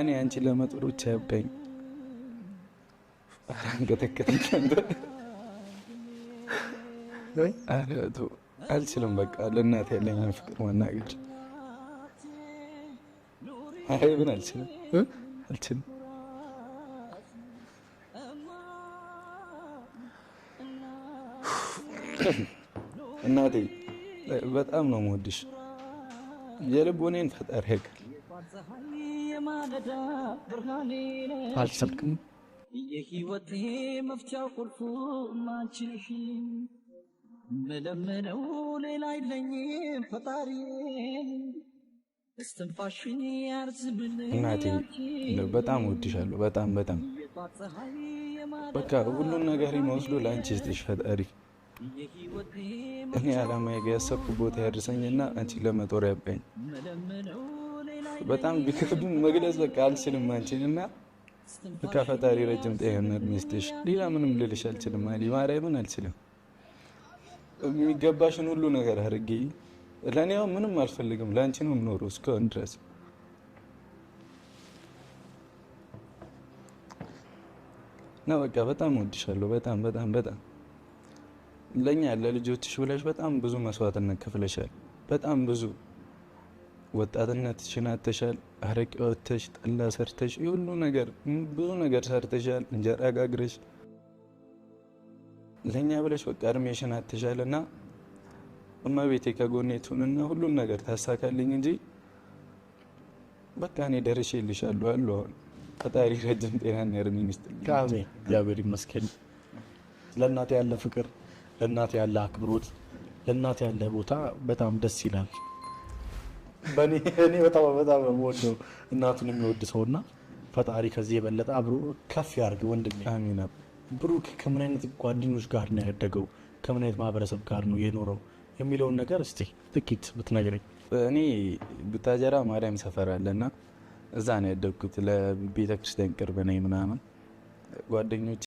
እኔ አንቺ ለመጦር ብቻ አንገተከተኝ አልችልም። በቃ ለእናት ያለኝን ፍቅር መናገር አይብን አልችልም አልችልም። እናቴ በጣም ነው የምወድሽ። የልቦኔን ፈጣሪ ያውቃል። አልሰልክም የህይወቴ መፍቻ ቁልፉ ማችሽ ሌላ አይለኝም ፈጣሪ እስትንፋሽን እናቴ በጣም እወድሻለሁ። በጣም በጣም በቃ ሁሉን ነገር መወስዶ ለአንቺ ስጥሽ ፈጣሪ። እኔ አላማ ያሰብኩ ቦታ ያድርሰኝና አንቺ ለመጦር ያብቃኝ። በጣም ቢከብድም መግለጽ በቃ አልችልም አንቺን እና በቃ ፈጣሪ ረጅም ጤና ይስጥሽ። ሌላ ምንም ልልሽ አልችልም። አሊ ማርያምን አልችልም። የሚገባሽን ሁሉ ነገር አድርጊ። ለእኔ ያው ምንም አልፈልግም። ለአንቺ ነው የምኖረው እስካሁን ድረስ እና በቃ በጣም ወድሻለሁ። በጣም በጣም በጣም ለእኛ ለልጆችሽ ብለሽ በጣም ብዙ መስዋዕትነት ከፍለሻል። በጣም ብዙ ወጣትነት ሽናተሻል፣ አረቄ ወተሽ፣ ጠላ ሰርተሽ፣ የሁሉ ነገር ብዙ ነገር ሰርተሻል፣ እንጀራ ጋግረሽ ለእኛ ብለሽ በቃ እድሜሽን ሽናተሻል እና እመቤቴ ከጎኔ ትሁንና ሁሉን ነገር ታሳካልኝ እንጂ በቃ እኔ ደርሼልሻለሁ አሉ። አሁን ፈጣሪ ረጅም ጤና እድሜ ይስጥልኝ። እግዚአብሔር ይመስገን። ለእናት ያለ ፍቅር፣ ለእናት ያለ አክብሮት፣ ለእናት ያለ ቦታ በጣም ደስ ይላል። እኔ በጣም በጣም ነው የምወደው እናቱን የሚወድ ሰው እና ፈጣሪ ከዚህ የበለጠ አብሮ ከፍ ያርግ ወንድሜ። ብሩክ ከምን አይነት ጓደኞች ጋር ነው ያደገው? ከምን አይነት ማህበረሰብ ጋር ነው የኖረው የሚለውን ነገር እስቲ ጥቂት ብትነግረኝ። እኔ ቡታጀራ ማርያም ሰፈር አለና እዛ ነው ያደግኩት። ለቤተክርስቲያን ቅርብ ነኝ ምናምን ጓደኞቼ